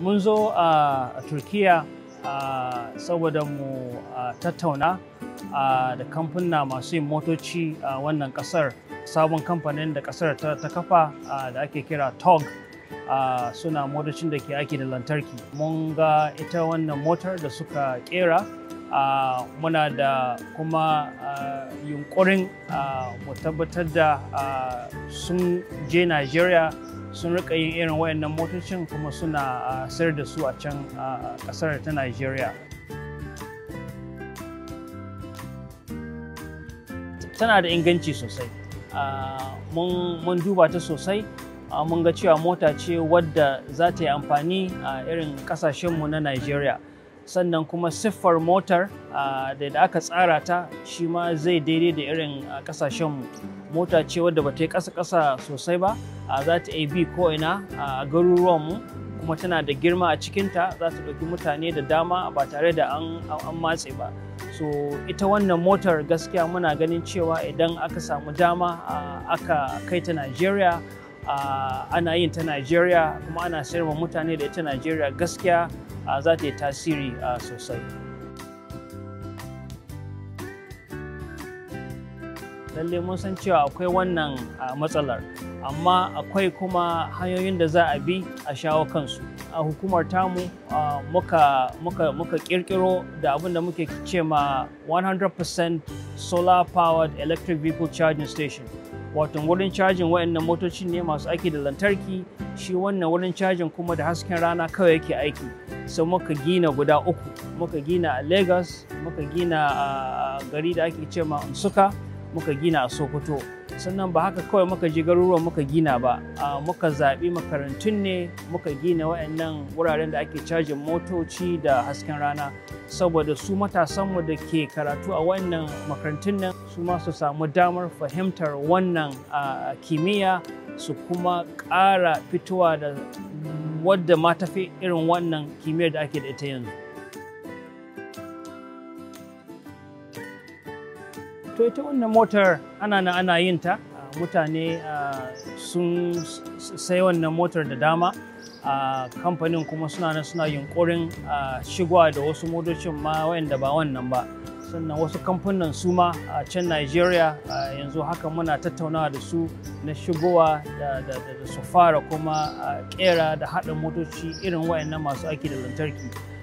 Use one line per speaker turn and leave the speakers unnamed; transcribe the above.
mun zo a turkiya saboda mu tattauna da kamfuna masu yin motoci a wannan kasar sabon kamfanin da kasar ta kafa da ake kira tog suna motocin da ke aiki da lantarki mun ga ita wannan motar da suka kera Ah, muna da kuma ah, yunkurin ah, mu tabbatar da sun je Najeriya sun rika yin irin wayannan motocin kuma suna sayar da su a can kasar ta Najeriya. Tana da inganci sosai. Mun duba ta sosai mun ga cewa mota ce wadda za ta yi amfani a irin kasashenmu na Najeriya. sannan kuma siffar motar da aka tsara ta shi ma zai daidai da irin kasashen mota ce wadda ba ta yi ƙasa-ƙasa sosai ba za ta iya bi ko'ina a garuruwan mu kuma tana da girma a cikinta za ta ɗauki mutane da dama ba tare da an matse ba so ita wannan motar gaskiya muna ganin cewa idan aka samu dama aka kai ta najeriya ana yin ta Najeriya kuma ana sayar wa mutane da ita Najeriya gaskiya za ta yi tasiri sosai. lalle mun san cewa akwai wannan matsalar amma akwai kuma hanyoyin da za a bi a shawo kansu a hukumar tamu muka, muka kirkiro da abin da muke ce ma 100% solar powered electric vehicle charging station wato wurin cajin waɗannan motocin ne masu aiki da lantarki shi wannan wurin cajin kuma da hasken rana kawai yake aiki sai muka gina guda uku muka gina a Legas, muka gina a gari da ake ce ma suka, muka gina a sokoto sannan ba haka kawai muka je garuruwan muka gina ba muka zaɓi makarantun ne muka gina waɗannan wuraren da ake cajin motoci da hasken rana saboda su matasanmu da ke karatu a wannan makarantun nan su ma su samu damar fahimtar wannan kimiyya su kuma ƙara fitowa da wadda ma tafi irin wannan kimiyyar da ake da ita yanzu. to ita wannan motar ana na ana yin ta mutane sun sai wannan motar da dama a kamfanin kuma suna nan suna yunkurin shigowa da wasu motocin ma wayanda ba wannan ba sannan wasu kamfanin su ma a can nigeria yanzu haka muna tattaunawa da su na shigowa da su fara kuma kera da haɗa motoci irin wayannan masu aiki da lantarki